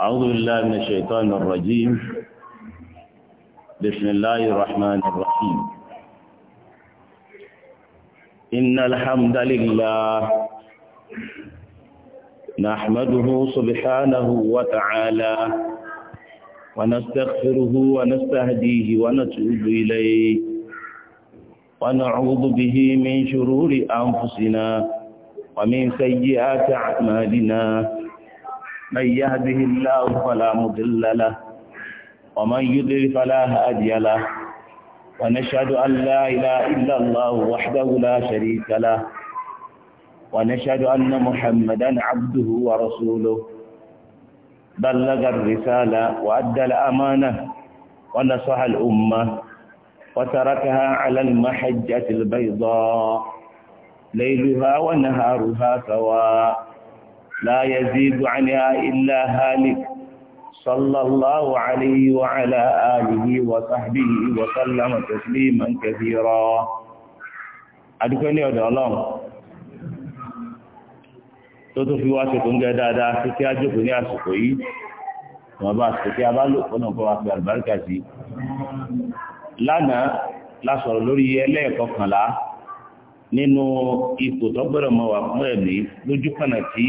أعوذ بالله من الشيطان الرجيم بسم الله الرحمن الرحيم إن الحمد لله نحمده سبحانه وتعالى ونستغفره ونستهديه ونتوب إليه ونعوذ به من شرور أنفسنا ومن سيئات أعمالنا من يهده الله فلا مضل له ومن يضل فلا هادي له ونشهد أن لا إله إلا الله وحده لا شريك له ونشهد أن محمدا عبده ورسوله بلغ الرسالة وأدى الأمانة ونصح الأمة وتركها على المحجة البيضاء ليلها ونهارها سواء لا يزيد عنها إلا هالك صلى الله عليه وعلى آله وصحبه وسلم تسليما كثيرا adúpẹ́lẹ̀ ọ̀dọ̀ ọlọ́run tó tó fi wá ṣe tó ń gẹ́ dáadáa sí kí á jókòó ní àsìkò yìí wọ́n bá ṣe kí a bá lò fọ́nà kọ́ wa fi àlùbáríkà sí lánàá la sọ̀rọ̀ lórí ẹlẹ́ẹ̀kọkànlá nínú ipò tó gbọ́dọ̀ mọ́ wà fún ẹ̀mí lójú kànáà tí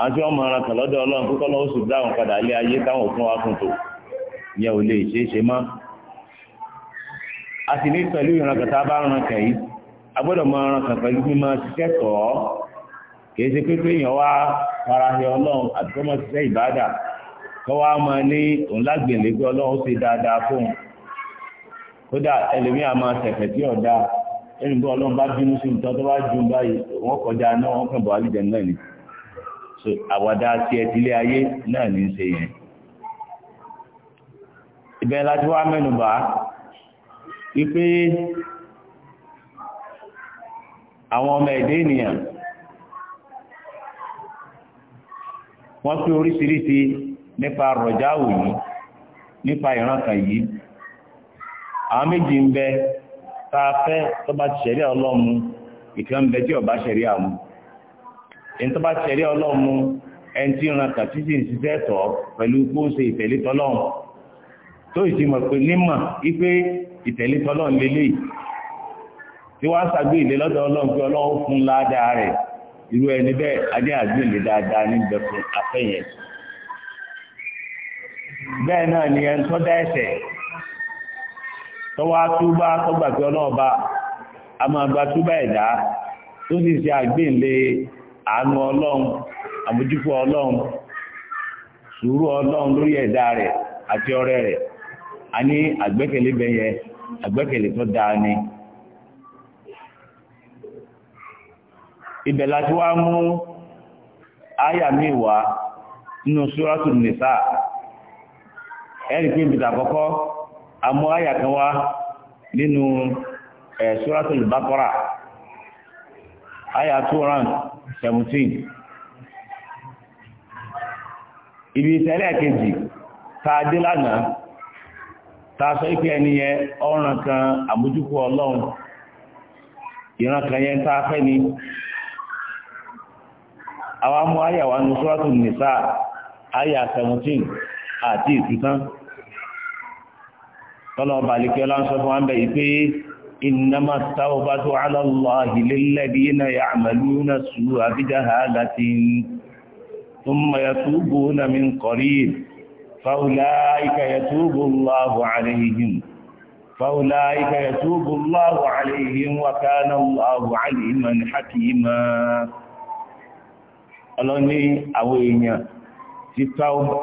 àwọn tí wọ́n mọ ara kan lọ́dọ̀ ọlọ́run kó tọ́lọ́ oṣù dáhùn padà lé ayé táwọn òfin wa fún tò yẹn ò lè ṣeé ṣe mọ́. a sì ní pẹ̀lú ìran kan tá a bá ran kàn yìí a gbọ́dọ̀ mọ ara kan pẹ̀lú mímọ ṣiṣẹ́ tọ̀ ọ́ kìí ṣe pépé èèyàn wá farahẹ ọlọ́run àti kọ́mọ ṣiṣẹ́ ìbádà kọ́ wá máa ní òun lágbèlè pé ọlọ́run ṣe dáadáa fóun kódà ẹlòmíà máa ṣẹ̀fẹ̀ tí ọ̀dà ẹnìbọn ọlọ́run bá bínú sí ìtọ́ tó bá ju báyìí wọ́n kọjá náà wọ́n kàn bọ̀ àlùjẹ̀ náà nìyí àwàdà tí ẹ tilé ayé náà ní í ṣe yẹn ìbẹ̀rẹ̀ láti wá mẹ́nubà wípé àwọn ọmọ ẹ̀dẹ́ ènìyàn wọ́n pé oríṣiríṣi nípa rọ̀jáwò yìí nípa ìrànkàn yìí àwọn méjì ń bẹ tá fẹ́ tó ti ṣẹ̀rí ọlọ́mu ìkan bẹ tí ó ṣẹ̀rí àmú ẹni tó bá ṣẹ̀rí ọlọ́run mu ẹni tí ìran kan tí sì ń ṣiṣẹ́ tọ̀ pẹ̀lú kó ṣe ìtẹ̀lé tọ́lọ́run tó ìṣe mọ̀ pé nímọ̀ wípé ìtẹ̀lé tọ́lọ́run lélẹ́yìí tí wọ́n á ṣàgbé ìlé lọ́dọ̀ ọlọ́run pé ọlọ́run fún ládàá rẹ̀ irú ẹni bẹ́ẹ̀ adé àgbélé dáadáa ní ìbẹ̀fún afẹ́yẹn bẹ́ẹ̀ náà ni ẹni tó dá ẹ̀ṣẹ̀ tọwọ́ túbá tọgbà pé ọlọ́ọ̀ba a máa gba túbá ẹ̀dá tó sì ṣe àgbéǹde àánú ọlọ́run àmójúfò ọlọ́run sùúrù ọlọ́run lórí ẹ̀dá rẹ̀ àti ọrẹ rẹ̀ a ní àgbẹ́kẹ̀lé bẹ́yẹ àgbẹ́kẹ̀lé tó dáa ni ibẹ̀ láti wá mú áyà nínú Nisa ẹ̀rí pé àkọ́kọ́ áyà kan wá nínú eh, seventeen ibi ìtẹ́lẹ̀ kejì tá dé lánàá tá a sọ pé ẹni yẹn ọ̀ràn kan àmójúkú ọlọ́run ìran kan yẹn tá a fẹ́ ni àwọn amú àyàwó anusúrọ́tù nìsá àyà seventeen àti ìtútán tọ́lọ́ balẹ̀ kí ọlá ń sọ fún wa bẹ̀ yìí إنما التوبة على الله للذين يعملون السوء بجهالة ثم يتوبون من قريب فأولئك يتوب الله عليهم فأولئك يتوب الله عليهم وكان الله عليما حكيما ọlọ́ni àwọn èèyàn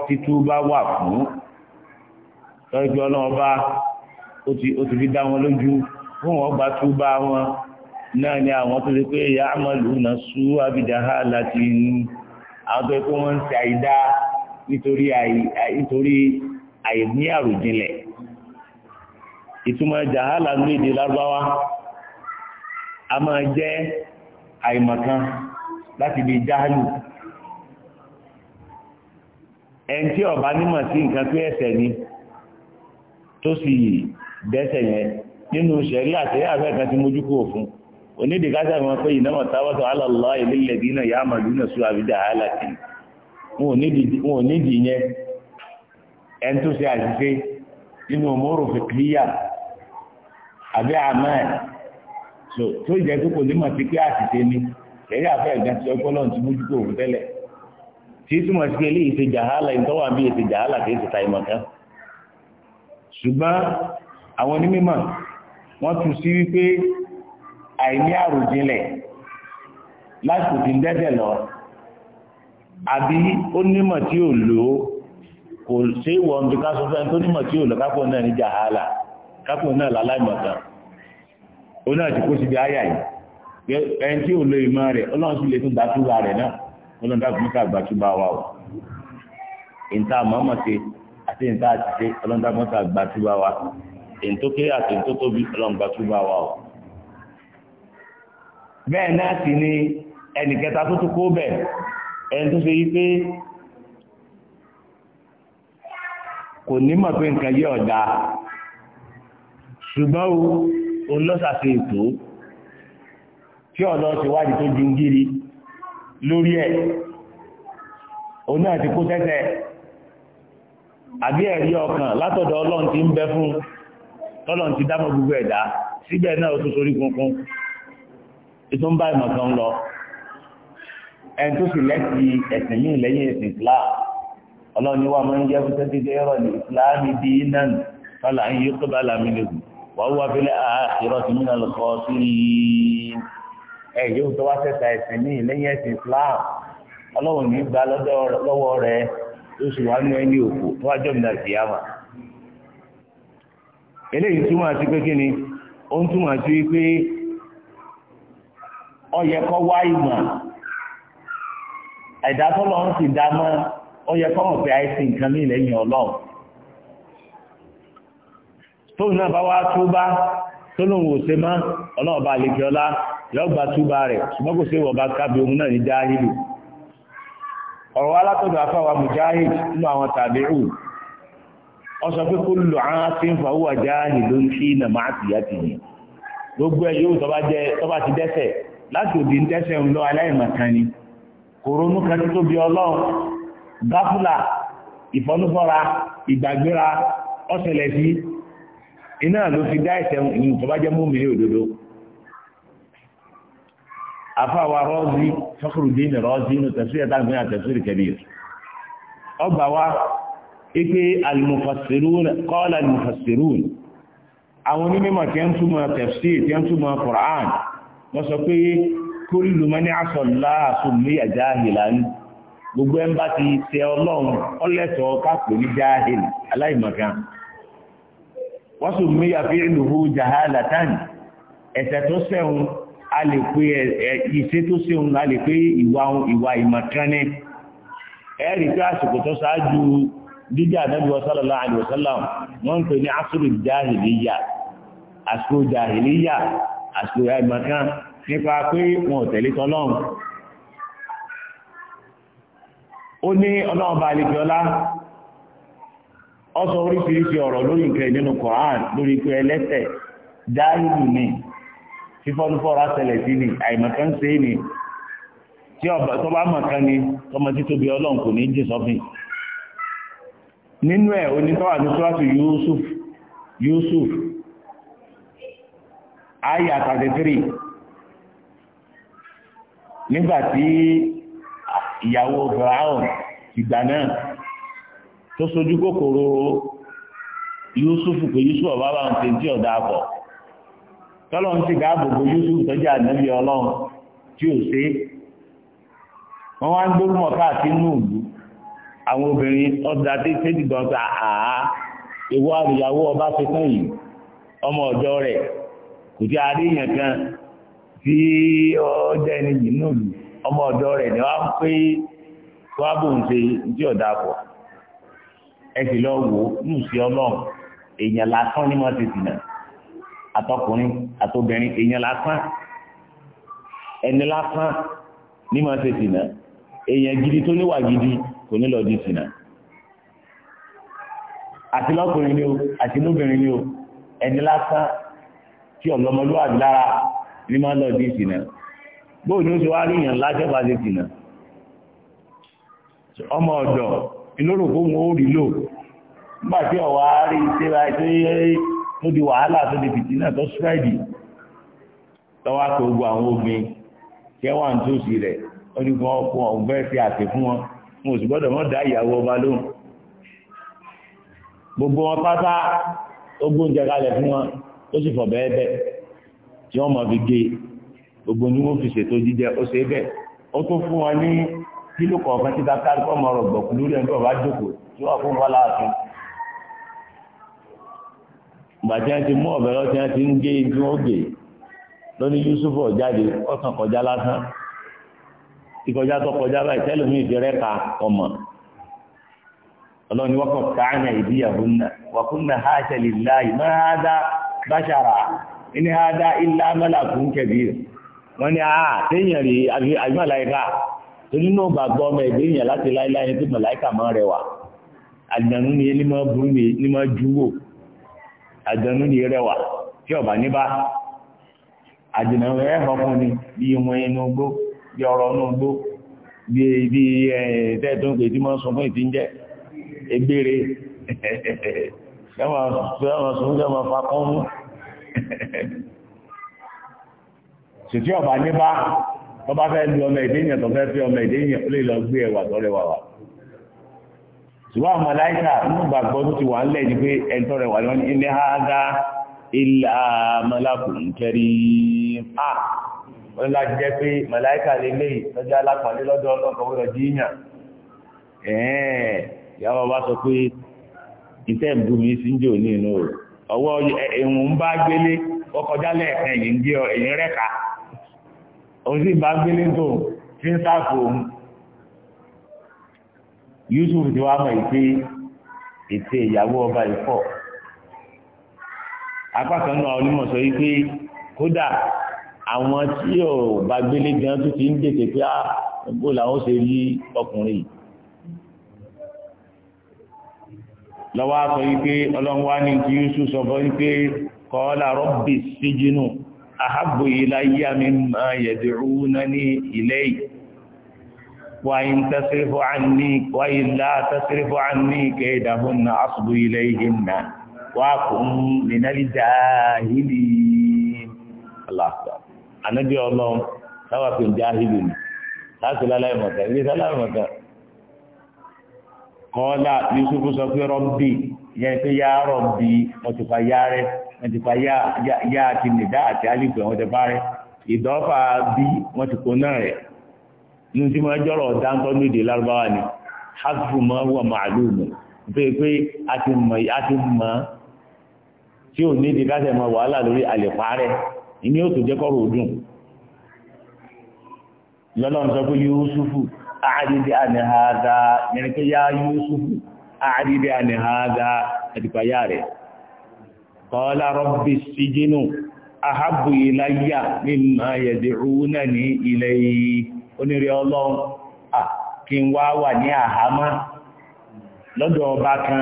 títúbá wà fún tọ́jú ọlọ́ọba ó ti fún wọn gba wọn náà ni àwọn tó lè pé ya amalu na sú abidaha láti inú àwọn tó pé wọ́n ń ṣe àìdá nítorí àìní àròjinlẹ̀ ìtumọ̀ jahala ní èdè a máa jẹ́ àìmọ̀kan láti bí jáhálù ẹni tí ọba nímọ̀ sí nǹkan tó ẹ̀ṣẹ̀ ni tó sì dẹ́ṣẹ̀ yẹn nínú ṣẹ̀rí àti àfẹ́kan ti mójú kúrò fún onídìí wọn pé ìnáwó táwọ́tọ̀ alàlọ́ ìlélẹ̀ dínà yà á màlúù náà àbídà àlàtì wọn ò nídìí yẹn ẹni tó ṣe àṣìṣe nínú òmòrò fìkìlíyà àbí àmà tó jẹ́ tó kò ní ni ṣẹ̀rí àfẹ́kan ti ọpọlọ ti mójú kúrò fún tẹ́lẹ̀ tí túmọ̀ sí pé eléyìí ṣe jàhálà ìtọ́wà bí ta ìmọ̀ kan ṣùgbọ́n àwọn wọ́n tún sí wípé àìní àròjinlẹ̀ láti ti ń dẹ́dẹ̀ lọ àbí ó nímọ̀ tí ò lò ó kò ṣe é wọ̀ níbi káṣọ fẹ́ tó nímọ̀ tí ò lò kápò náà ní jàhálà kápò náà láláìmọ̀tàn ó náà ti kó síbi áyà yìí ẹni tí ò lo ìmọ̀ rẹ̀ ọlọ́run sì lè tún dátúbà rẹ̀ náà ọlọ́run dákùnrin ká gbàtúbà wa o ìta mọ́mọ́ ṣe àti ìta àti ṣe ọlọ́run dákùnrin ká gbàtúbà wa èntókè àti èntótóbi ọlọ́ngbà tó bá wà ọ́ bẹ́ẹ̀ náà sì ni ẹnìkẹta tó tó kó bẹ̀ ẹni tó ṣe yí pé kò ní mọ̀ pé nǹkan yí ọ̀dà ṣùgbọ́n o lọ́sàṣe ètò tí ọ̀dọ́ ti wádìí tó jingiri lórí ẹ̀ o náà ti kó tẹ́tẹ́ àbí ẹ̀rí ọkàn látọ̀dọ̀ ọlọ́run ti ń bẹ fún tọ́lọ̀ ti dámọ̀ gbogbo ẹ̀dá síbẹ̀ náà ó tún sorí kunkun ètò ń bá ìmọ̀ kan lọ ẹni tó sì lẹ́sì ẹ̀sìn míì lẹ́yìn ẹ̀sìn Islam ọlọ́run ni wà máa ń jẹ́ fún sẹ́tẹ́tẹ́ ẹ̀rọ ní Islámi dinan fọlá ń yí tó bá làmì lẹ́kùn wà wúwa fílẹ̀ àṣírọ́ ti múnà lọ́kọ́ sí i ẹ̀ yóò tó wá sẹ́ta ẹ̀sìn míì lẹ́yìn ẹ̀sìn Islam ọlọ́run ní gbà lọ́wọ́ rẹ̀ tó sì ẹni òkú wájọ́ mi náà eléyìí túnmà sí pé kí ó ń túmọ̀ sí pé ó wá ìmọ̀ ẹ̀dá tó lọ́n sì dá mọ́ mọ̀ pé àìsí nǹkan ní ìlẹ́yìn ọlọ́run tóun náà bá wá túbá tó lóun ò ṣe mọ́ bá lè ọlá gba túbá rẹ̀ ṣùgbọ́n kò ọsọ pé kó lò á ti ń fọwọ́ ajá nílò sí iná máa ti yá ti yìí gbogbo ẹ yóò tọba jẹ ti dẹ́ṣẹ̀ láti òdì ń dẹ́ṣẹ̀ ń lọ aláìmọ̀kan ni kòrónú kan tó tóbi ọlọ́run gáfúlà ìfọnúfọ́ra ìgbàgbéra ọ̀sẹ̀lẹ̀ sí iná ló fi dá ní òdodo afáwa ipe almufassirun qala almufassirun àwọn onímọ̀ tí ń túmọ̀ tafsir tí ń túmọ̀ Qur'an wọ́n sọ pé kullu man 'asa Allaha summiya jahilan gbogbo ẹ̀ ń bá ti tẹ ọlọ́run ọlẹ́tọ̀ọ́ kápẹ́ ní jahil aláìmọ̀kan wọ́n sì mú a lè pé dídí ànábi sallallahu alaihi wasallam wọ́n ń pè ní asúrù jahiliya asúrù jahiliya asúrù àìmọ̀kan nípa pé wọn ò tẹ̀lé tọ́lọ́run ó ní ọlọ́run bá àlejò ọlá ọsọ oríṣiríṣi ọ̀rọ̀ lórí nǹkan nínú Quran lórí pé ẹlẹ́ṣẹ̀ dáhìlì ni fífọ́nufọ́ra ṣẹlẹ̀ sí ni àìmọ̀kan ṣe ni tí ọba tó bá mọ̀kan ni tọmọ títóbi ọlọ́run kò ní jí nínú ẹ̀ onítọ́wà ní sọ́ọ̀tù Yusuf Yusuf ayà 33 nígbàtí ìyàwó Firaun ìgbà náà tó sojú kòkòrò Yusuf pé Yusuf ọba bá ń ṣe tí ọ̀dà àbọ̀ tọ́lọ́ ń ti dáàbò bo Yusuf tọ́jú ànábì Ọlọ́run tí ò ṣe wọ́n wá ń gbórúmọ̀ káàkiri ní ìlú àwọn obìnrin ọdún àti tẹ́jìgbọ́n ta àá ìwọ àrìyàwó ọba ṣetán yìí ọmọ ọ̀dọ́ rẹ̀ kò tí a rí èèyàn kan tí ọjọ́ ẹni yìí náà lù ọmọ ọ̀dọ́ rẹ̀ ni wọ́n pé wọ́n bò ń ṣe tí ọ̀dà pọ̀ ẹ sì lọ wò ó ní ìṣe ọlọ́run èèyàn lásán ni wọ́n ti dìnà àtọkùnrin àtobìnrin èèyàn lásán ẹni lásán ni wọ́n ti dìnà èèyàn gidi tó níwà gidi kò ní lọ ìsìnà àti lọ́kùnrin ni o àti lóbìnrin ni o ẹni lásán tí ọ̀lọ́mọlúwàbí lára ní máa lọ ìsìnà bóò ní ó ti wá rí ìsìnà ọmọ ọ̀dọ̀ ìlórò kó wọn ó rí lò nígbà tí rí ra tó di wàhálà tó di tó àti ogun àwọn obìnrin ọ̀gbẹ́ mo sì gbọ́dọ̀ mọ́ dá ìyàwó ọba lóhùn gbogbo wọn pátá ó gbóúnjẹ kalẹ̀ fún wọn ó sì fọ̀ bẹ́ẹ̀ bẹ́ẹ̀ tí wọ́n mọ̀ fi gé gbogbo ni wọ́n fi ṣètò jíjẹ ó ṣe bẹ́ẹ̀ ó tún fún wọn ní kílò kọ̀ọ̀kan títa kárí kọ́ mọ̀ ọ̀rọ̀ gbọ̀kú lórí ẹni tó bá jókòó tí wọ́n fún wọn láàfin ìgbà tí wọ́n ti mú ọ̀bẹ lọ tí wọ́n ti ń gé tí wọ́n gé lóní Yusuf ọ̀jáde ọ̀sán kọjá lásán ìkọjá tó kọjá báyìí tẹ́lómi ìjẹrẹ́ ka ọmọ ọlọ́ni wọ́kọ̀ káàna ìdíyàwónà wàkúnnà haṣẹ lìláì má hádá báṣàrà ní hádá ilá mẹ́làkún kẹbí wọ́n ni àá téèyàn rí àjùmọ̀láìka tó nínú gbàgbọ́ ọmọ ẹ̀dẹ́ èèyàn láti láíláí tó mọ̀láìka máa rẹwà àdánù ni ní máa burú ni máa júwò àdánù ni rẹwà tí ọ̀bà níbà àdánù rẹ̀ ọkùnrin bí wọn inú gbogbo bí ọ̀rọ̀ inú gbó bí tẹ́ẹ̀tún pé tí wọ́n sọ fún ìtí ń jẹ́ egbére ẹwọ̀n sọ fún jẹ́wọ̀n fakọ́ mú ṣètí ọ̀bà ní bá tó bá fẹ́ lu ọmọ èdè èèyàn tó fẹ́ fi ọmọ èdè èèyàn lè lọ gbé ẹwà tó wọ́n láti jẹ́ pé màláìkà lélẹ́yìí lọ́jọ́ alápàdé lọ́dọ̀ ọlọ́kọ̀ọ́ rẹ̀ jíyàn ẹ̀ẹ́n ìyàwó bá sọ pé ìtẹ́ ìbúmi sí ń jò ní inú rẹ̀ ọwọ́ ẹ̀hùn bá gbélé ọkọjá lẹ́ẹ̀kan èyí ń gé ẹ̀yìn rẹ́ka òun sì bá gbélé tó fi ń sáàfò òun Yusuf ti wá mọ̀ ìpé ètè ìyàwó ọba ìfọ̀ apá kan náà onímọ̀ sọ wípé kódà àwọn tí ò bá gbélé gan tó ti ń dètè pé ah, bó làwọn ṣe rí ọkùnrin yìí lọ́wọ́ sọ wípé ọlọ́run wá ní ti Yusuf sọ fọ́ wípé kọ́ọ́lá rọ́bì síjínú àhábò iláyà mi máa yẹ̀dìrú náà ní ilé yìí وإن تصرف عني وإلا تصرف عني كيدهن أصب إليهن وأكن من الجاهلين الله أكبر ànábì ọlọ́run táwa fi ń já hìlù ni láti láláì mọ̀tà ní láláì mọ̀tà kọ́lá yusufu sọ pé rọ́bì yẹn pé yá rọ́bì wọ́n ti fa yá rẹ wọ́n ti fa yá àti nìdá àti àlìfẹ́ wọ́n ti fa rẹ ìdọ́fà bí wọ́n ti kó náà rẹ̀ nínú tí wọ́n jọ̀rọ̀ dáńtọ́ méde lárúbáwá ni hasbu ma huwa ma'lum pé pé a ti mọ̀ tí ò ní ìdíkásẹ̀ mọ̀ wàhálà lórí àlèpárẹ́ ìní ó tó jẹ́ kọ́rọ̀ òdùn lọ́lọ́run sọ pé Yusufu àádìdí àníháàdá yẹn pé yá Yusufu àádìdí àníháàdá ẹ̀dìpá yá rẹ̀ qala rabbi sijinu ahabbu ilayya mimma yi ilayhi onírè ọlọ́run kí nwa wá wà ní àhámọ́ lọ́dọ̀ ọba kan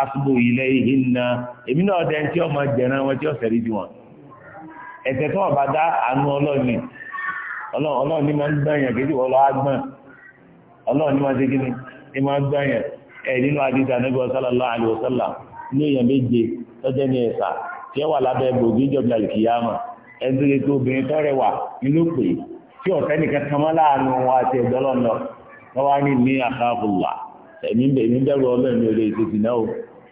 asbu ilayhinna èmi náà dẹ́n tí ọmọ jẹ̀rán wọn tí ó sẹ̀rí bí wọn ẹ̀sẹ̀ tó ọba dá àánú ọlọ́ọ̀ni ni máa ń gbẹ̀yàn kejì wọ́n lọ́ọ́ gbọ̀n ni máa ṣe kíni máa ń ẹ̀ nínú ní èèyàn méje tọ́jẹ́ ní ẹ̀sà tí ẹ wà lábẹ́ gbòógì ìjọba obìnrin ní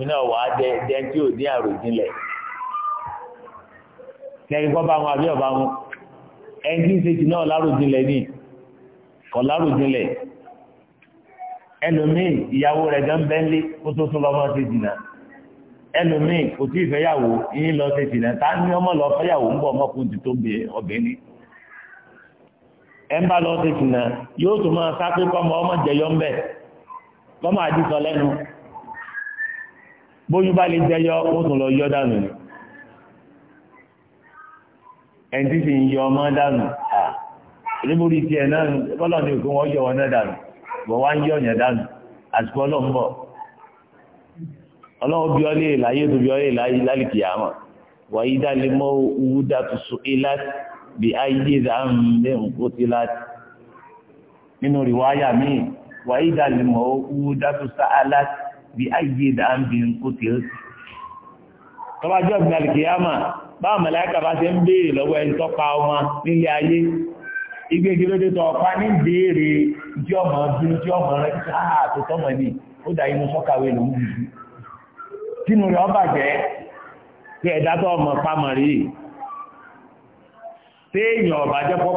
mùsùlùmí náà wà á dẹ dẹ́n tí ò ní àròjinlẹ̀ lẹ́yìn kọ́ bá wọn àbí ọ̀bá wọn ẹni tí ń ṣe jù náà láròjinlẹ̀ ni kọ̀ láròjinlẹ̀ ẹlòmíì ìyàwó rẹ̀ gan bẹ́ńlé kó tó tún lọ́mọ ṣe jìnnà ẹlòmíì kò tí ì fẹ́yàwó yín lọ ṣe jìnnà tá ní ọmọ lọ fẹ́yàwó ń bọ̀ ọmọkùnrin ti tó bẹ ọ̀bẹ́ni ẹ ń bá lọ ṣe jìnnà yóò tún máa sá pé kọ́mọ ọmọ jẹyọ ń bẹ̀ kọ́mọ àdìsọ lẹ́nu bóyú bá lè jẹyọ ó tún lọ yọ dànù ni ẹni tí sì ń yọ ọmọ dànù à níborí tiẹ̀ náà bọ́lá ní òkú wọn yọ wọn náà dànù bọ̀ wá ń yọ ọ̀yàn dànù àsìkò ọlọ́run bọ̀ ọlọ́run bí ọ lè láyé tó bí ọ lè láyé lálìkì àmọ́ wàyí dálé mọ́ owó dàtú sókè láti bí ayé dàmbé nǹkó ti láti nínú rìwáyà míì wàyí dálé owó dàtú sáà láti bí ayé dáńbì ń kó tí ó sì tọ́bájọ́ ìgbìn alìkìyàmà bá màláíkà bá ṣe ń béèrè lọ́wọ́ ẹni tó pa ọmọ nílé ayé igbe gílódé tó ọ̀pá ní béèrè jí ọmọ bínú jí ọmọ rẹ sáà tó tọ́mọ ní ó dà inú sọ́kàwé ló ń wùdú tínú rẹ̀ ọba jẹ́ pé ẹ̀dá tó ọmọ pamọ́ rí téèyàn ọba jẹ́ kó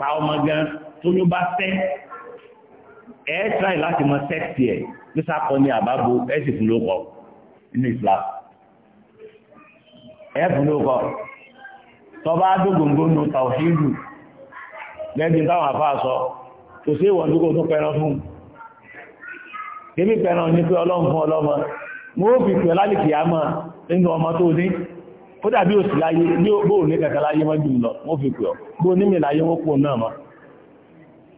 pa ọmọ gan tó ní bá fẹ́ ẹ̀ẹ́ tíráì láti mọ sẹ́ẹ̀tì ẹ̀ sísàkọ ní àbábo ẹ̀sì fún ló kọ nínú Islam ẹ̀fún ló kọ tọba dógóngónú tàwọ̀ṣíìlù lẹ́gbẹ̀ẹ́ táwọn àfáà sọ kò sí ìwọ̀n tó kò tó pẹran fún kébí pẹran ní pé ọlọ́run fún ọlọ́mọ mo ó fi pẹ̀ lálìkì àmọ́ nínú ọmọ tó ní ó dàbí òsì láyé ní bóò ní kẹta láyé mọ́jú lọ mo fi pẹ̀ bó ní mi láyé wọ́n pò náà mọ́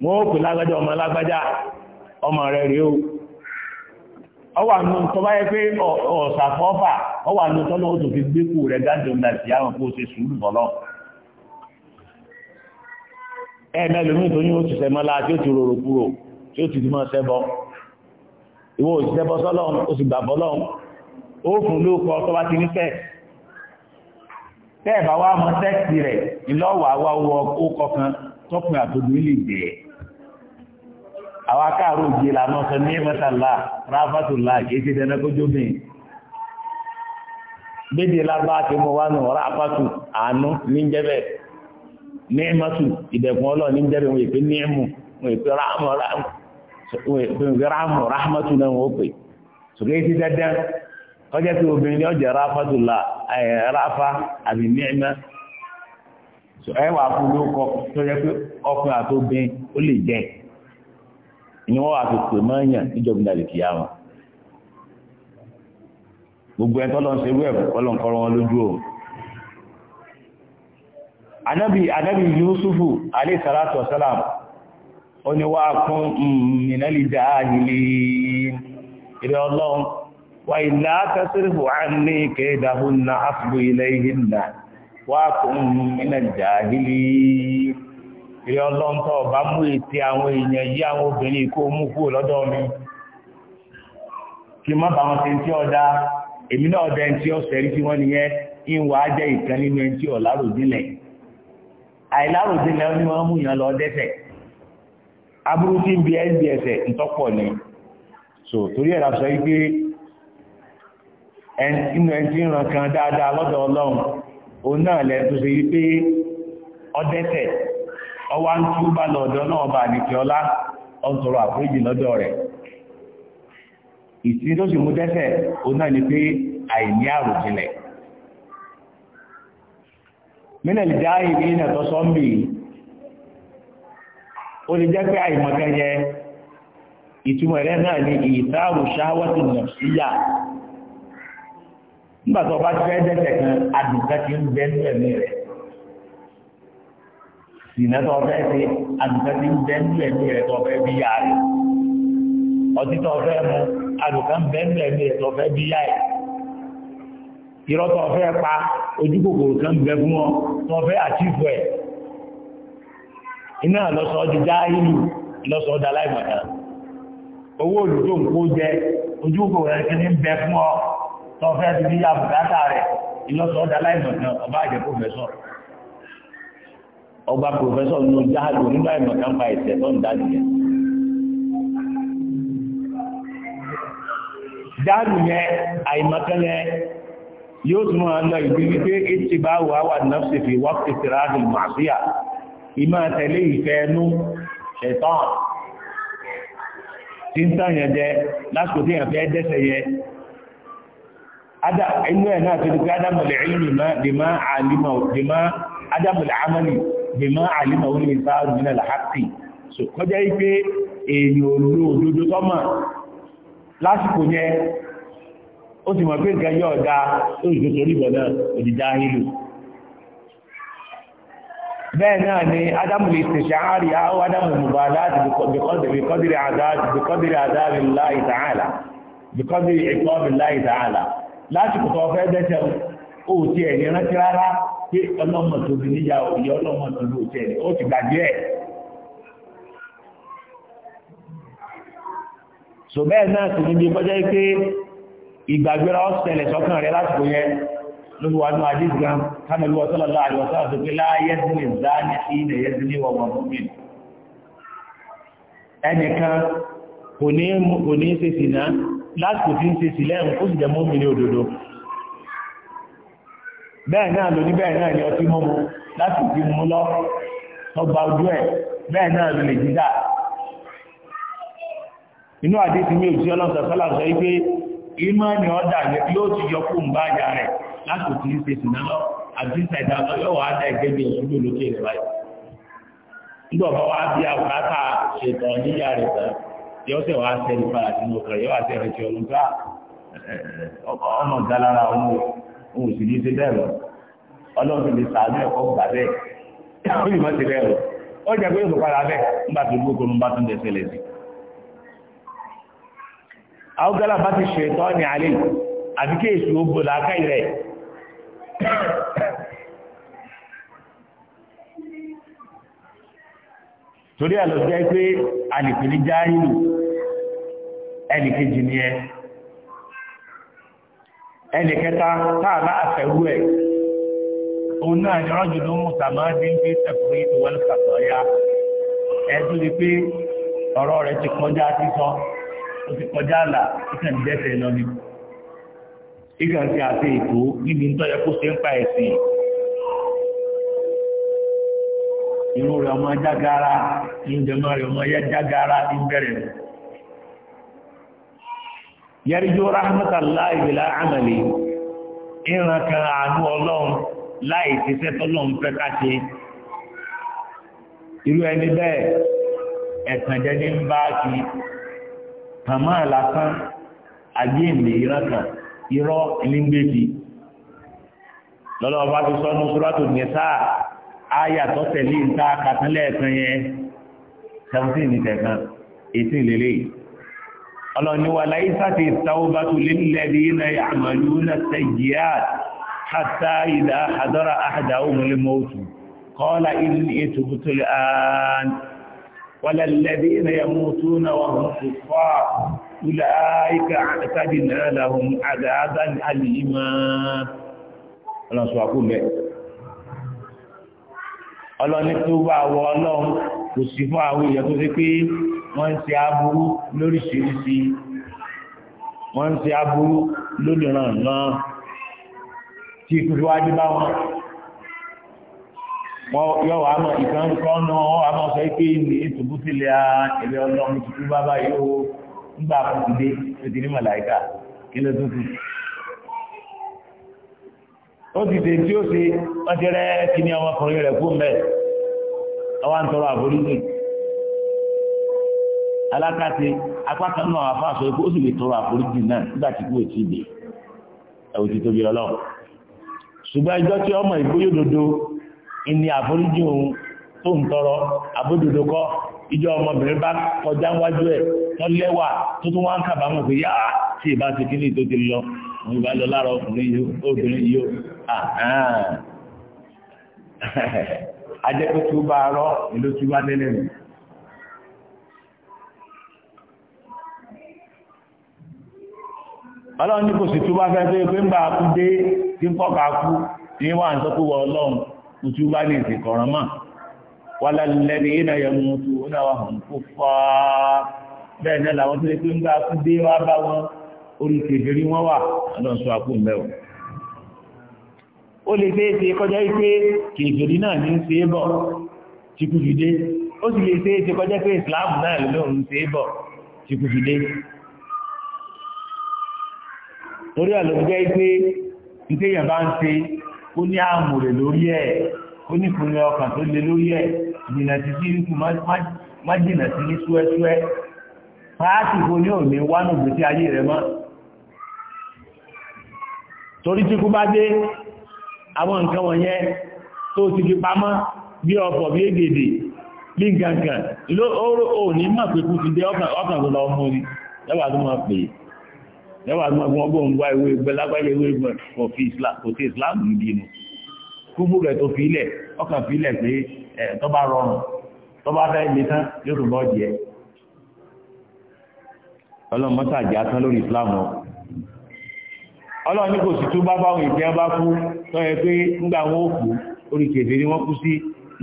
mo ó pè lágbájá ọmọ lágbájá ọmọ rẹ̀ rèé o ọwà nù tó bá pé ọ̀sàfọ́fà ọwà nù tó lọ́wọ́ tó fi gbékù rẹ̀ gájọ ńlá sí àwọn kó ṣe sùúrù bọ́lọ́ tó ní oṣù sẹ́mọ́lá tí ó ti ti ti mọ́ sẹ́bọ ìwọ òṣìṣẹ́ bọ́ sọ́lọ́n ó sì gbà ó fún tó bá ti ní tẹ̀ tẹ́ẹ̀ mọ́ rẹ̀ ìlọ́wà wá àwọn akáàrò òjì lànà sọ ní mẹ́tàlá ráfàtùlá kìí ṣe kó jómi gbédè lágbá tí mo wá nù ráfàtù àánú ní jẹ́bẹ̀ ní mọ́tù ìdẹ̀kùn ọlọ́ ní jẹ́bẹ̀ wọ́n èpè níẹ̀mù wọ́n èpè ráàmù ráàmàtù náà wọ́n pè ṣùgbọ́n èsì kọjá tí obìnrin ọjà ráfàtùlá ráfà àbí fún lóko tó yẹ pé ọkùnrin àti obìnrin ó lè ìyẹn wọ́n wá fi pè mọ́ yàn níjọba ìdàlẹ̀ kìyà wọn. gbogbo ẹ̀tọ́ lọ ṣe wẹ́ẹ̀bù ọlọ́nkọ́rọ́ wọn lójú o. anábì anábì yusufu alayhi salatu wasalam ó ní wá kún mìnàlì dáhìlì ìrẹ́ ọlọ́run wà ìlà tẹ́sírìfù àní kéèdàhùn náà àfùgbò ilẹ̀ ìhìn náà wá kún mìnàlì dáhìlì ìrẹ́ ọlọ́ntọ́ ọba mú ètè àwọn èèyàn yí àwọn obìnrin kó mú kúrò lọ́dọ̀ mi kí má bá wọn ṣe tí ọ̀dá èmi náà dẹ́ tí ó sẹ́rí tí wọ́n nìyẹn ìwà á jẹ́ ìkan nínú ẹni tí ò láròdínlẹ̀ àìláròdínlẹ̀ ó so torí ẹ̀rọ sọ wípé inú ẹni tí ń ràn kan dáadáa lọ́dọ̀ ọlọ́run ọwá ń tí bá lọ́dọ̀ náà bá nìkẹ́ ọlá ọ̀tọ̀rọ̀ àforíjì lọ́dọ̀ rẹ̀ ìsìn tó sì mú dẹ́ṣẹ̀ ó náà ni pé àìní àròjinlẹ̀ mínẹ̀lì dáhì ní ilẹ̀ tó sọ́mbì ó lè jẹ́ pé àìmọ̀kẹ́yẹ ìtumọ̀ rẹ̀ náà ni ṣáwọ́tì bá ti fẹ́ kan ti ń bẹ́ẹ̀ ìsìnà tó fẹ́ ṣe àdùkẹ́ ti ń bẹ́ nú ẹ̀mí rẹ̀ tó fẹ́ bí yá rẹ̀ ọtí tó fẹ́ mu àdùkẹ́ ń bẹ́ nú ẹ̀mí rẹ̀ tó fẹ́ bí yá rẹ̀ irọ́ tó fẹ́ pa ojú kòkòrò kan bẹ fún ọ tó fẹ́ àtìfù ẹ̀ iná lọ́sọ̀ọ́ di dáhìlì lọ́sọ̀ọ́ da láì mọ̀tàn owó olùdó nǹkó jẹ ojú kòkòrò ẹ̀ kìíní bẹ fún ọ tó fẹ́ ti bí yá bùkátà rẹ̀ ìlọ́sọ̀ọ́ da láì mọ̀tàn ọba àjẹkù fẹ́ sọ̀rọ̀ ọgbà pòfẹ́sọ̀ nù jáàdù nígbà ìmọ̀ kan pa ẹ̀sẹ̀ tó ń dá nìyẹn. jáàdù yẹn àìmọ̀kan yẹn yóò tún máa lọ ìgbé wípé ètì bá wà wà nọ́ọ̀sì fi wá fi tìrà ní màṣíà ìmọ̀ tẹ̀lé ìfẹ́ ẹnu ṣẹ̀tàn tí ń tàn yẹn jẹ lásìkò tí yẹn fẹ́ dẹ́sẹ̀ yẹn inú ẹ̀ náà tó di pé ádámù lè rí bìmá àlímọ̀ bìmá ádámù lè ámánì bèmọ́ àlímọ̀ ó lè bá òmìnà làákì so kọjá ipé èèyàn olú òdodo tọ́mọ̀ lásìkò yẹn ó ti mọ̀ pé nǹkan yọ ọ̀dá tó ìjọ torí bọ̀dọ̀ òdìdá ìlú bẹ́ẹ̀ náà ni ádámù lè tẹ̀ṣẹ̀ àárí àwọn ádámù mùbá láti bìkọ́dìrì àdáàbì bìkọ́dìrì àdáàbì láì tààlà bìkọ́dìrì fẹ́ dẹ́ṣẹ̀ pé ọlọ́mọ tó fi níyà òye ọlọ́mọ tó ló tẹ̀ ó ti gbàgbé ẹ̀. sò bẹ́ẹ̀ náà sì níbi kọjá pé ìgbàgbéra ọ̀sẹ̀lẹ̀ sọ́kàn rẹ lásìkò yẹn lórí wa ní adé gan kánà lọ́wọ́ sọ́lọ́ lọ́wọ́ àdìwọ́ sọ́lọ́ tó pé láyé sílẹ̀ záni sí ilẹ̀ yẹn sílẹ̀ wọ̀ ẹnìkan kò ní ṣe sì náà lásìkò tí ń ṣe sì lẹ́yìn ó sì jẹ́ mọ́ ní òdodo. bẹ́ẹ̀ náà ló ní bẹ́ẹ̀ náà ni ọtí mọ́mú láti fi mú lọ ọgbà ojú ẹ̀ bẹ́ẹ̀ náà ló lè jíjà inú àdé ti mí òjí ọlọ́sọ̀ sọ́là sọ wípé ìmọ̀ ni ọ̀dà yóò ti yọ kó bá rẹ̀ láti òtí ṣe náà lọ àti ìṣẹ̀dá lọ yóò sì wá sẹ́ni padà sínú ọkọ̀ yóò wá sẹ́ni òun ò sì ní í ṣe bẹ́ẹ̀ lọ ọlọ́run lè sàánú ẹ̀kọ́ gbà bẹ́ẹ̀ ó lè má ṣe bẹ́ẹ̀ lọ ó jẹ́ pé yóò padà bẹ́ẹ̀ nígbà tó gbogbo ń bá tún lè ṣẹlẹ̀ sí. àwùjọ́lá bá ti ṣe ìtọ́ ní alẹ́ àti kí èsì ó bò láàkàì rẹ̀ torí àlọ́ jẹ́ pé àlìkìlí jáírù ẹnìkejì ni ẹ ẹni kẹta káàlá àfẹ́rú ẹ̀ òun náà ni rọ́jù ló mú tàmáàdín fi tẹ̀kùrí ìwẹ́lùkàtọ̀ ya ẹ̀dú ni pé ọ̀rọ̀ rẹ̀ ti kọjá sísọ ó ti kọjá àlà ìkàn dẹ́fẹ̀ẹ́ lọ ni ìkàn ti àti ètò níbi ń tọ́jọ́ kó ṣe ń pa ẹ̀sìn irú rẹ̀ ọmọ jágara ìjọba rẹ̀ ọmọ yẹ jágara ń bẹ̀rẹ̀ rẹ̀ yẹrìjú rahmatullahi bila amali ìran kan àánú ọlọ́run láì ti sẹ́tọ́lọ́run fẹ́ ká ṣe irú ẹni bẹ́ẹ̀ ẹ̀tàn jẹ́ ní bá kí tàmá lásán àgbéǹde ìran kan irọ́ ìlíngbèbí lọ́lọ́ọ̀bá ti sọ́nù sùrátù nìsáà áyà tó tẹ̀lé ìta kàtúnlẹ̀ yẹn seventeen nìtẹ̀kan eighteen lélẹ́yìí ọlọ́niwà láìsàtì ìtàwọ́bátò lílẹ̀rí iná àmàlú na sẹ́yíyàt hàtà ìdá àdọ́rà àdá òmìnirí mọ́tù kọ́lá ilé ètùbùtù àn wàlẹ̀lẹ̀rí iná ya mọ́tù na wọ́n kò fà ìlà àìkà àtàdì náà lahùn àdáadá ní ọlọ́ni tó bá wọ ọlọ́run kò sí fún àwọn èèyàn tó ṣe pé wọ́n ń ṣe aburú lóríṣiríṣi wọ́n ń ṣe aburú lódìrán náà tí ikú fi wájú bá wọn wọ́n yọ wà mọ̀ ìkan kan náà wọ́n wà mọ̀ sọ pé ní ìtùbú sílẹ̀ ẹ̀rẹ́ ọlọ́run tuntun bábá yóò nígbà àkókò dé tó ti ní màláìka kí ló tó kù. ó ti tẹ̀ tí ó ṣe wọ́n ti rẹ́ kíní ọmọkùnrin rẹ̀ kú mẹ́ ọwọ́ ń tọrọ àforíjì alákàtẹ apákan náà wà fáṣọ ikú ó sì lè tọrọ àforíjì náà nígbà tí kú ò tí ì dé ẹ̀wù ti tóbi ọlọ́run ṣùgbọ́n ẹjọ́ tí ọmọ ìgbóyò dodo ìní àforíjì òun tó ń tọrọ àbódodo kọ́ ìjọ ọmọbìnrin bá kọjá wájú ẹ̀ wọ́n lẹ́wà tó tún wá ń kàbámọ̀ pé yá tí ìbá ti kíní tó ti lọ òun ìbá lọ lára ọkùnrin yìí obìnrin yìí ó àjẹpẹ́ tó bá rọ́ ìlú tí wá tẹ́lẹ̀ nù ọlọ́run ní kò sì túbá fẹ́ pé pé ń bá kú dé tí ń pọ̀ka kú ní wà ń sọ pé wọ ọlọ́run kò túbá ní ìsìnkọ̀ràn mọ́ wàlá lẹ́ni iná yẹmu tu ọ̀nà wà hàn kó fà á bẹ́ẹ̀ náà làwọn tó lè pé ń ó lè fẹ́ ṣe kọjá ipé kèfèrí náà ní ṣe é bọ̀ tí kú fi dé ó sì lè fẹ́ ṣe kọjá pé ìsìláàmù náà lóòrùn ṣe é bọ̀ tí kú fi dé torí ẹ̀ ló nke bá ń ṣe ó ní àmùrè lórí ẹ̀ ó ní ìpínlẹ̀ ọkàn tó le lórí ẹ̀ ìdènà ti sí ikú má jìnà sí ní súẹ́súẹ́ pàákì kò ní òní wánú gbèsè ayé rẹ̀ mọ́ torí tí kú bá dé àwọn nǹkan tó ti fi pamọ́ bí bí bí nǹkan kan lẹ́wà gbọ́n bó ń wá ewé ẹgbẹ́ lágbáyé ewé ẹgbẹ́ kò sí islam ń bínú kúbú rẹ̀ tó fi ilẹ̀ ọkàn fi ilẹ̀ pé ẹ̀ tó bá rọrùn tó bá fẹ́ mi tán yóò tún bọ́ jẹ ọlọ́run mọ́tàjà tán lórí islam ọ ọlọ́run kò sì tún bá báwọn ìgbẹ́ bá kú tó yẹ pé ńgbà wọn ó kú orí kèfé ni wọ́n kú sí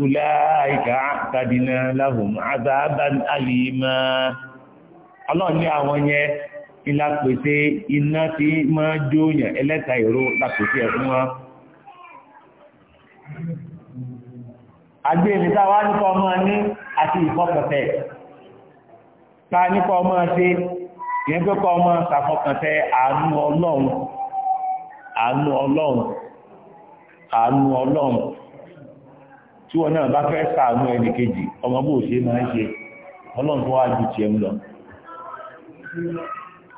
ulaika tadina lahum azaban alima ọlọ́run ní àwọn yẹn ńlá pèsè iná tí máa jóòyàn ẹlẹ́ta ìró lápèsè ẹ̀ fún wọn àgbé ìrìnta wá nípa ọmọ ní àti ìfọkàntẹ̀ ta nípa ọmọ ṣe yẹn pé ọmọ ṣàfọkàntẹ̀ àánú ọlọ́run àánú ọlọ́run àánú ọlọ́run tí wọn náà bá fẹ́ ṣàánú kejì ọmọ bó máa ń ṣe ọlọ́run tó wá ju tiẹ̀ lọ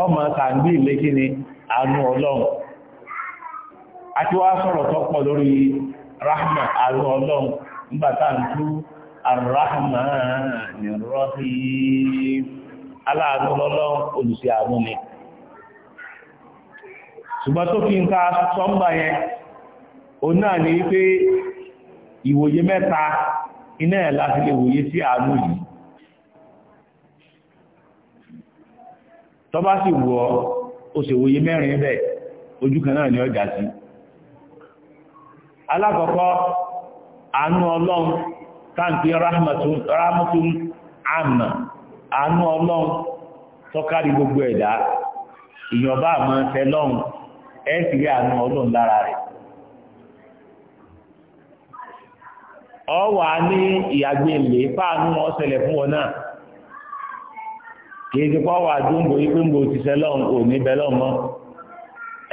ọ ma ilé kí ni àánú ọlọ́run àti lórí rahma àánú ọlọ́run nígbàtà ń tú àrùráhàmà ní rọ́hì aláàánú ọlọ́run ni ṣùgbọ́n tó fi ń ká sọ́mbà yẹn o náà ní wípé ìwòye mẹ́ta tó bá sì wù o sì wòye mẹ́rin bẹ́ẹ̀ ojú kan náà ni ọjà sí alákọ̀ọ́kọ́ àánú ọlọ́run káàkiri rahmatun àmà àánú ọlọ́run tọ́kárí gbogbo ẹ̀dá ìyọba àmọ́ tẹ́lọ́run ẹ̀ sì rí àánú ọlọ́run lára rẹ̀ ọ wà ní ìyàgbé ilé fáànù ọ̀sẹ̀lẹ̀ fún ọ náà kì í wà dúnbò yí pé ń bo ti sẹ́lọ̀ òní bẹ́lọ̀ mọ́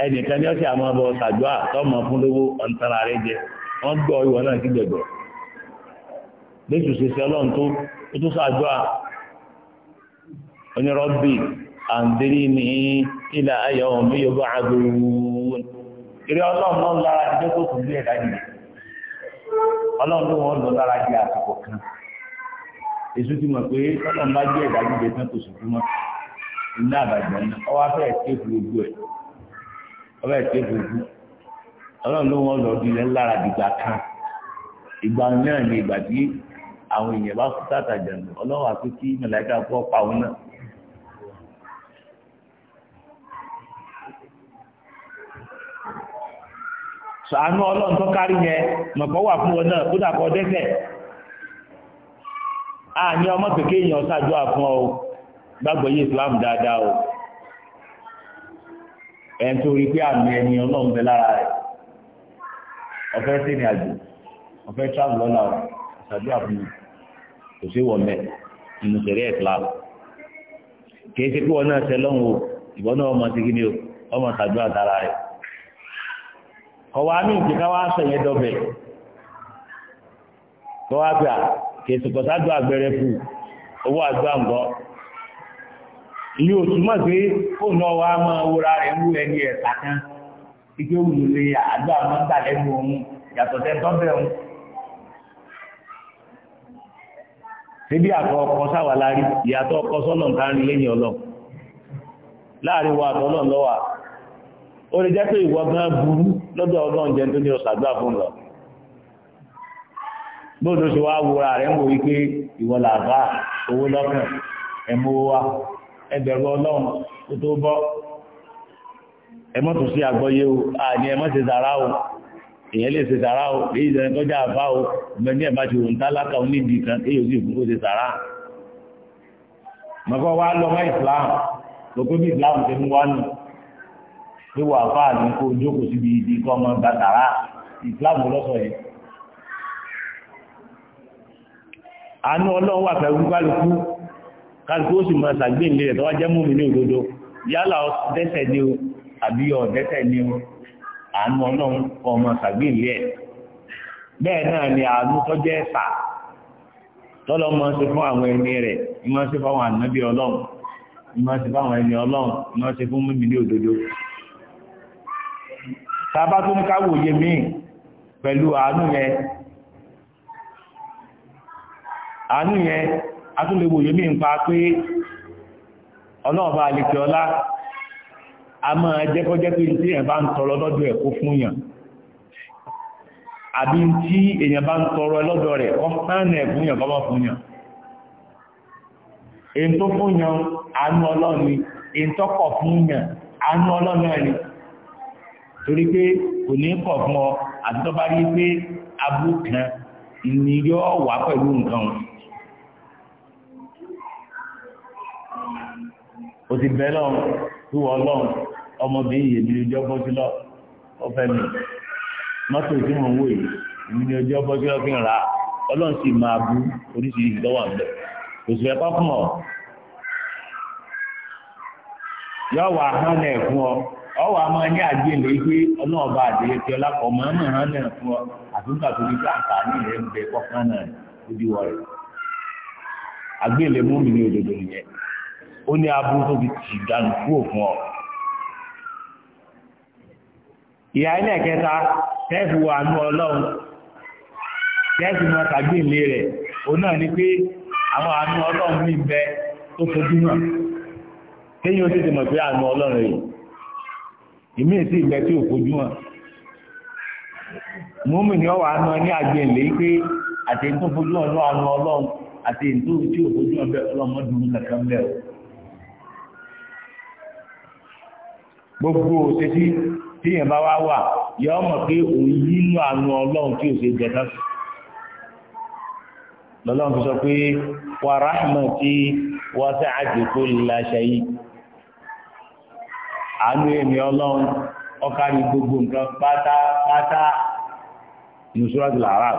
ẹnìkan ní ọ̀sẹ̀ àmọ́ ọbọ̀ ṣàjọ́ àtọ́mọ fún lówó ọ̀ntara jẹ wọ́n gbọ́ ìwọ náà sí gbẹ̀gbẹ̀ lẹ́sù ṣe ṣe tó tó à àǹdírí ní ilà ayọ̀ yóò bá èso ti mọ̀ pé tọ́lọ̀ ń bá jẹ́ ìdájúde tán kò sùn fún wọn iná àbàjẹ́ náà ọwọ́ afẹ́ kéèkù gbogbo ẹ̀ ọwọ́ ẹ̀ kéèkù gbogbo ọlọ́run ló wọ́n lọ di ilẹ̀ lára dìgbà kan ìgbà náà ni ìgbà tí àwọn èèyàn bá kú sátàjà nù ọlọ́run àti kí mẹ̀láìkà kú ọ̀pá òun náà. sàánú ọlọ́run tó kárí yẹn mọ̀kọ́ wà fún wọn náà kó dà kọ́ dẹ́sẹ̀ a ní ọmọ kékeré èèyàn ṣàdúrà fún ọ gbàgbọ́ yé Islam dáadáa o ẹ̀ ń torí pé àmì ẹni ọlọ́run bẹ lára rẹ̀ ọ̀fẹ́ sí ní àjò ọ̀fẹ́ travel lọ́la o ṣàdúrà fún kò sí wọ̀ mẹ́ nínú sẹ̀rẹ̀ Islam kìí ṣe pé wọn náà ṣe lọ́wọ́ ìbọn náà ọmọ ti gíní o ọmọ ṣàdúrà dára rẹ̀ kọ̀wá ní ìdíkáwá sẹ̀yẹ́ dọ́bẹ̀ kọ́wá gbà kèsìkọ̀sádùn àgbẹ̀rẹ̀ fún owó àgbàǹgọ́ ilé òtúmọ̀ pé kó náà wá máa wúra rẹ̀ ń wú ẹni ẹ̀ta kan ike wùlé àdúrà máa ń gbà lẹ́nu òun yàtọ̀ tẹ́ tọ́bẹ̀ òun ṣébí àkọ́ ọkọ sáwà lárí ìyàtọ̀ ọkọ sọ́nà kárí lẹ́yìn ọlọ́ láàrin wa àtọ́lọ́ lọ́wà ó lè jẹ́ pé ìwọ gan burú lọ́dọ̀ ọlọ́run jẹ́ tó ní ọ̀sàdúrà fún lọ́wọ́ bóòdó ṣe wá wúra rẹ̀ ń wò wípé ìwọ làbá owó lọ́kàn ẹ̀mú wa ẹgbẹ̀rún ọlọ́run tó tó bọ́ ẹmọ́ tó sí àgbọ́yé o àní ẹmọ́ ṣe sàrá o èyẹ lè ṣe sàrá o èyí ìṣẹ́ tọ́jà àfá o ìgbẹ́ni ẹ̀bá ti wò ń tálákà ó níbi kan èyí ò sì fún ṣe sàrá mọ̀kọ́ wa lọ mọ́ Islam lókè bí Islam ṣe mú wá nù pé wà fáà ní kó jókòó síbi ìdí kọ́ ọmọ gbàtàrà Islam lọ́sọ̀ yìí àánú ọlọ́run wà pẹ̀lú kálukú kálukú ó sì máa sàgbé ìlera tó jẹ́ mú mi ní òdodo yálà dẹ́ṣẹ̀ ni o àbí ọ̀dẹ́ṣẹ̀ ni o àánú ọlọ́run ọmọ sàgbé ìlera bẹ́ẹ̀ náà ni àánú tó jẹ́ tọ́lọ́ máa ṣe fún àwọn ẹni rẹ̀ máa ṣe fún àwọn ànábì ọlọ́run máa ṣe fún àwọn ẹni ọlọ́run máa ṣe fún mímí ní òdodo tá a bá tún káwòye míì pẹ̀lú àánú yẹn àánú yẹn atúnlẹ̀wò yóò mí ń pa pé ọlọ́ọ̀bá a máa jẹ́kọ́jẹ́ pé tí èèyàn bá ń tọrọ lọ́dọ̀ ẹ̀ kó fún yàn àbí tí èèyàn bá ń tọrọ lọ́dọ̀ rẹ̀ torí pé kò ní kọ̀ fún ọ àti pé abúkan ni ó ti bẹ́ lọ́n tí wọ́n lọ́n ọmọbìnrin yìí ní ọjọ́ bọ́sílọ́ ó fẹ́ mi mọ́tò tí mo ń wò yìí ní ọjọ́ bọ́sílọ́ fi rà ọlọ́run sì máa bú oríṣiríṣi lọ́wọ́ àgbẹ̀ kò fún ọ. yọ wà hàn náà fún ọ ọ wà máa àdéhùn ti ọlápọ̀ máa ń hàn náà fún ọ àtúntà tó ní ó ní aburú tó fi tì dànù kúrò fún ọ. ìyá ilé kẹta tẹ́ẹ̀fù wà nú ọlọ́run tẹ́ẹ̀fù mọ́ ilé rẹ̀ òun náà ni pé àwọn àánú ọlọ́run ní tó fojú náà kéyìn ó tètè mọ̀ pé àánú ọlọ́run rẹ̀ ìmí tí ò fojú ni wà ní àgbéǹlé pé àti tó fojú hàn àánú ọlọ́run àti tí ò fojú gbogbo osisi tí yẹn bá wá wà yọ mọ̀ pé òun yínú àánú ọlọ́run tí ò ṣe jẹ lọ́lọ́run fi sọ pé wa rahmati wasi'at kulla àánú èmi ọlọ́run ọkàrí gbogbo nǹkan pátápátá ní Suratul A'raf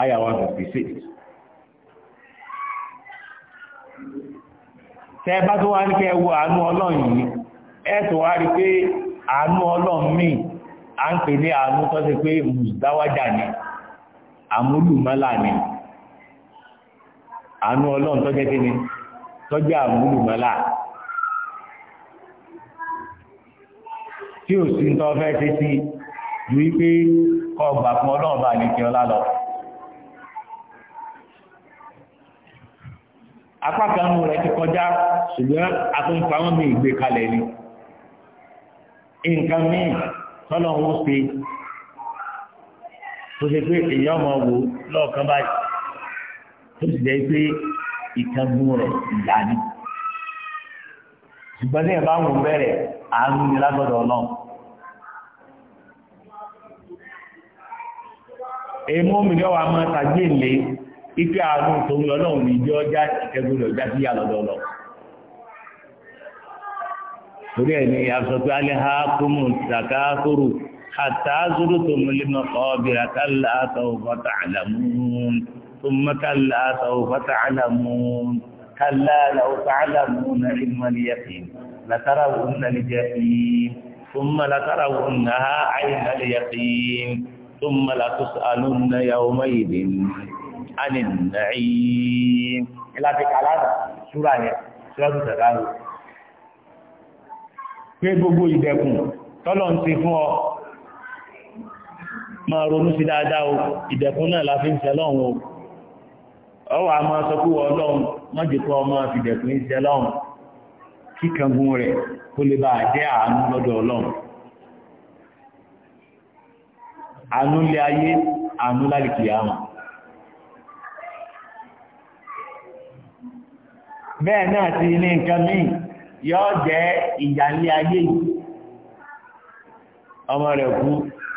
àyà 156 bá tó wá ní wo àánú ọlọ́run yìí Etu wá rí pé àánú ọlọ́run míì a ń pè ní àánú tó ṣe pé mùsùdáwájà ni ni àánú ọlọ́run tó jẹ́ kíni tó jẹ́ tí ò sí tó fẹ́ ṣe sí ju wípé fún ọlọ́run bá ní lọ. apá kan rẹ̀ ti kọjá ṣùgbọ́n a tún pa wọ́n nǹkan míì tọ́lọ̀ ń ṣe tó ṣe pé èèyàn máa wò lọ́ọ̀kan báyìí tó sì jẹ́ pé ìkángun rẹ̀ ìyá ni ṣùgbọ́n tí ẹ̀ bá ń wò bẹ̀rẹ̀ àánú ni lágbọ́dọ̀ ọlọ́run. èmú mi lọ́wọ́ àmọ́ tàgbé lé ipe àánú tó ń lọ lọ́wọ́ ní ìjọ ọjà ìkẹgbẹ́ ọjà sí àlọ́dọ̀ ọlọ́run torí ẹ̀ ní àfẹ́fẹ́ alẹ́hákùmù tàkàkùrù àtàzúrú tó múlímọ̀ ọ̀bìrà kálá àtàwọ̀fọ́tà àlàmùn tó mọ́kànlá àtàwọ̀fọ́tà àlàmùn kálá àtàwọ̀fọ́tàlàmùn ìmọ̀lẹ́yẹ̀fìn látàràwọ̀n nàlẹ́jẹ̀fìn tó mọ́ látàràwọ̀n náà àyìnlẹ́yẹ̀fìn tó mọ́ látàràwọ̀n náà yàwọ̀mọ́yìdìn ánìlẹ́yìn pé gbogbo ìdẹ̀kùn tọ́lọ̀ ń ti fún ọ máa ronú sí dáadáa o ìdẹ̀kùn náà la fi ń sẹlọ́run o ọwọ́ a máa sọ pé ọlọ́run mọ́jìkọ́ ọmọ fìdẹ̀kùn ń sẹlọ́run kíkangun rẹ̀ kó lè bá jẹ́ àánú lọ́dọ̀ ọlọ́run yóò jẹ́ ìjàlé ayé yìí ọmọ rẹ̀ kú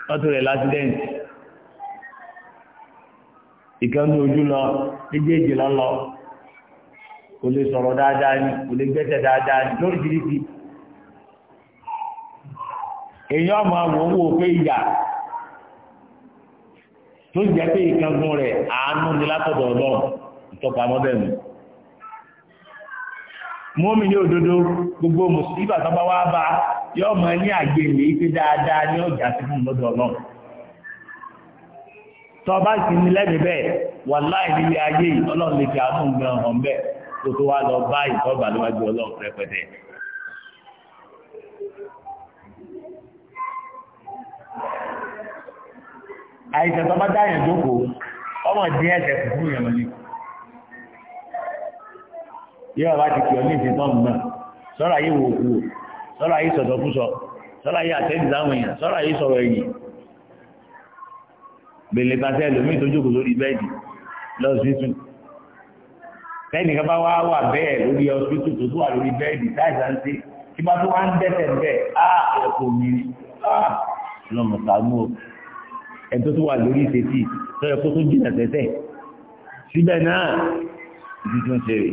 lọ́tọ̀ rẹ̀ lásìdẹ́ǹtì ìkẹ́nu ojú lọ méjèèjì lọ kò lè sọ̀rọ̀ dáadáa ni kò lè gbẹ́sẹ̀ dáadáa ni lóríṣiríṣi èèyàn máa wò wò pé ìyà tó mọ́mí ní òdodo gbogbo mùsùlùmí àtọ́bá wá bá yọ mọ̀ ní àgbèlè ìpé dáadáa ní ọjà sí fún lọ́dọ̀ ọlọ́run tọba sì ní lẹ́bi bẹ́ẹ̀ wà láì nílé ayé ọlọ́run lè fi àánú gbẹ ọ̀hún bẹ́ẹ̀ kó tó wá lọ bá ìtọ́gbà níwájú ọlọ́run fún yóò wá ti kí ọ ní ìsìntọ́mù náà sọ́ra yìí wò kú yìí sọ̀tọ̀ fúsọ sọ́ra yìí àtẹ́ǹdì láwọn èèyàn sọ́ra yìí sọ̀rọ̀ ẹ̀yìn bèlè pàṣẹ ẹlòmíì tó jókòó lórí bẹ́ẹ̀dì lọ́sítù tẹ́nìkan bá wá wà bẹ́ẹ̀ lórí ọsítù tó tó wà lórí bẹ́ẹ̀dì táìsàn sí kí bá tó wá ń dẹ́tẹ̀ bẹ́ẹ̀ á ẹ̀kọ́ mi lọ́mọ̀tàmú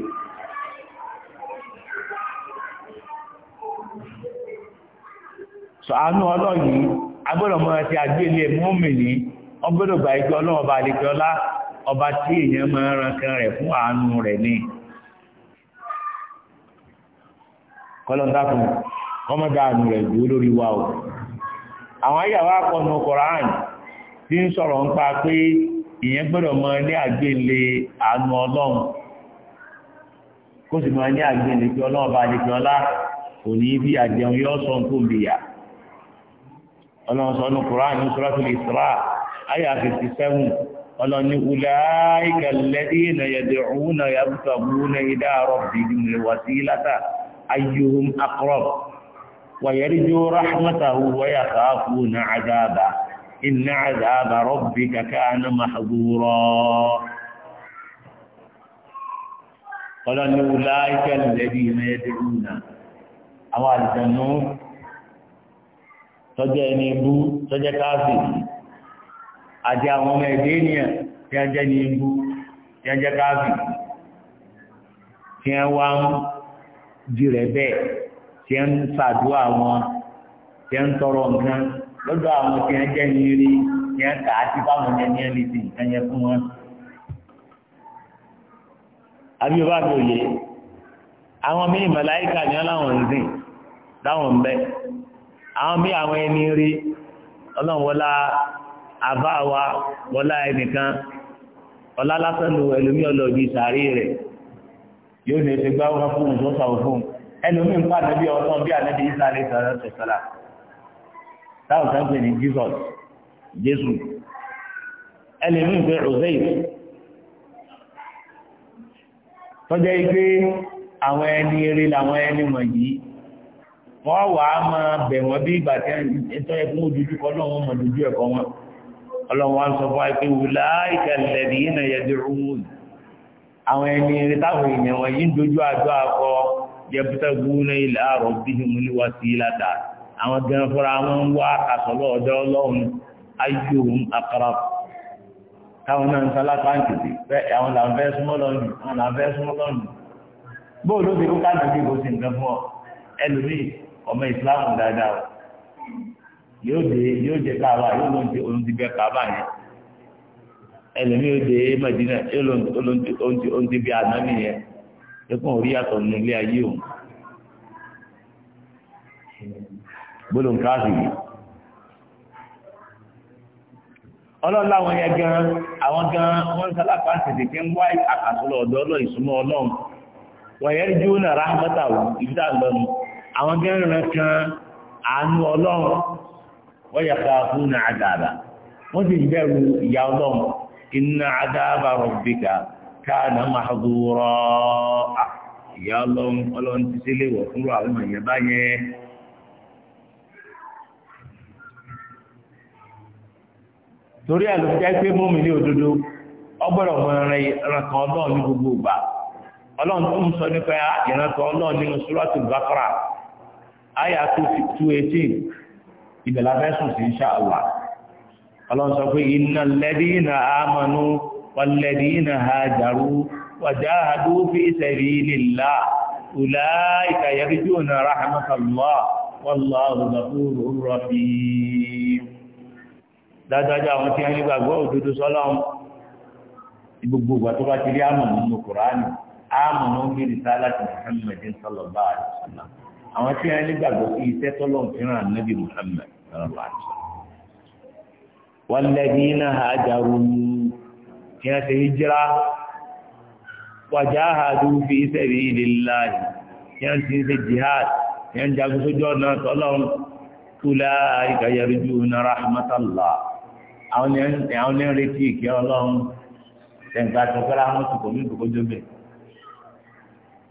ẹ̀ sọ àánú agbọ́dọ̀ mọ́ra ti àgbélé mọ́mìnì ọgbọ́dọ̀ gba ẹgbẹ́ ọlọ́ọ̀bá àlejò ọlá ọba tí èèyàn máa rankan rẹ̀ fún àánú rẹ̀ ní kọlọ́ndákùn kọmọdé àánú rẹ̀ dúró lórí wa o àwọn ayàwó akọni Koran tí ń sọ̀rọ̀ ń pa pé ìyẹn gbọ́dọ̀ máa ní àgbélé àánú ọlọ́run kó sì máa ní àgbélé ọlọ́ọ̀bá àlejò ọlọ́run sọ ní Kùránì ní Suratul Isra àyà 57 ọlọ́run ní ulaika alladhina yad'una yabtaghuna ila rabbihimul wasilata ayyuhum aqrab wa yarjuna rahmatahu wa yakhafuna 'adhabahu inna 'adhaba rabbika kana mahdhura ọlọ́run ní ulaika alladhina yad'una àwọn àjẹ̀nú tọ́jẹ́ ẹni ibú tọ́jẹ́ káàfì àti àwọn ọmọ ẹ̀dẹ́ ènìyàn tí a jẹ́ ní ibú tí a jẹ́ káàfì tí a wá ń jìrẹ̀ bẹ́ẹ̀ tí a ń ṣàdúrà wọn tí a ń tọrọ nǹkan lọ́dọ̀ àwọn tí a jẹ́ ní rí tí a kà á ti báwọn ẹni ẹni ti nǹkan yẹn fún wọn. àbí o bá mi àwọn míì màláìkà ni wọn láwọn ń sìn láwọn ń bẹ́ẹ̀ àwọn bí àwọn ẹni rí ọlọ́run wọlá àbá wa wọlá ẹnìkan ọlá lásán lu ẹlòmí ọlọ́ọ̀bí sàárì rẹ̀ yóò ní ẹsẹ̀ gbá wọn fún òṣùwọ̀n sàwọn fún ẹlòmí ń pa ànábì ọ̀tọ̀ bí ànábì ìsàlẹ̀ sọ̀rọ̀ sọ̀sọ̀là táwọn kan pè ní Jesus Jésù ẹlòmí ń pè àwọn ẹni eré làwọn ẹni wọ̀nyí wọ́n wà á máa bẹ̀ wọ́n bí ìgbà tí ẹ̀tọ́ ẹkùn ojújú kọ́ lọ́wọ́ mọ̀ lójú ẹ̀kọ́ wọn ọlọ́wọ́ á sọ fún wa pé wùlá ìkẹlẹ̀dì yìí náà yẹdi rúmùn àwọn ẹni rẹ táwọn èèyàn wọn yìí ń dojú àjọ akọ yẹbùtà gúnlẹ̀ ilẹ̀ àrọ̀ bí mo ní wá sí ìlàdà àwọn ti kó káàdì bí kò sí nǹkan fún ọ ẹlòmíì ọmọ ìsìláàmù dáadáa o yóò dé yóò jẹ káàbà yóò ló ti ohun ti bẹ káàbà yẹn ẹlẹ́mi yóò dé Mẹdínà yóò ló ti ohun ti yẹn ẹkún orí nínú ilé ayé o gbọ́dọ̀ káàsì yìí ọlọ́run láwọn yẹn gan àwọn gan wọ́n sálápá tètè kí ń wá ọlọ àwọn gẹ́rẹ̀rẹ̀ kan àánú ọlọ́run wọ́n yà ká fún ní àdàbà wọ́n sì bẹ̀rù ìyá ọlọ́run iná àdàbà rọ̀bìkà káàdà máa ìyá ọlọ́run ti sílé wọ̀ fúnra àwọn èèyàn báyẹn. torí ẹ̀ pé mọ́mí ní òdodo ọgbọ́dọ̀ mọ ọlọ́run ní gbogbo ìgbà ọlọ́run tó ń sọ nípa ọlọ́run nínú àyà 218 ìbẹ̀lá fẹ́sùn sí insha Allah ọlọ́run sọ pé innal ladina amanu wal ladina hajaru wa jahadu fi sabilillah ulaika yarjuna rahmatallah wallahu ghafurur rahim dájájá àwọn tí wọ́n nígbàgbọ́ òdodo sọ́lọ́run gbogbo ìgbà tó bá ti rí àmọ̀ nínú Kùránì Muhammadin sallallahu alaihi wasallam àwọn tí wọ́n nígbàgbọ́ sí iṣẹ́ tọ́lọ́run fi rán ànábì Muhammad sallallahu alaihi wasallam walladina hajaru tí wọ́n ṣe hijira wajahadu fi sabilillahi tí wọ́n ti ń ṣe jihad tí wọ́n jagun sójú ọ̀nà tọ́lọ́run ulaika yarjuna rahmatallah àwọn ní retí ìkẹ́ ọlọ́run tẹ̀gbà tó fẹ́ra mọ́tò kò ní ìdókòjọ́ bẹ́ẹ̀.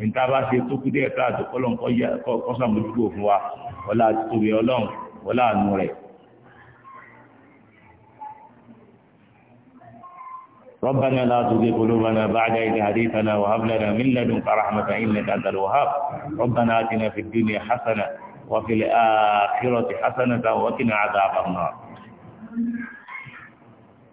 níta bá ṣe tó kú díẹ̀ káàtó kọ́lọ́n kọ́ sàmójúgbò fún wa ọlá àti tóbi ọlọ́run ọlá àánú rẹ̀. ربنا لا تزغ قلوبنا بعد إذ هديتنا وهب لنا من لدنك رحمة إنك أنت الوهاب ربنا آتنا في الدنيا حسنة وفي الآخرة حسنة وقنا عذاب النار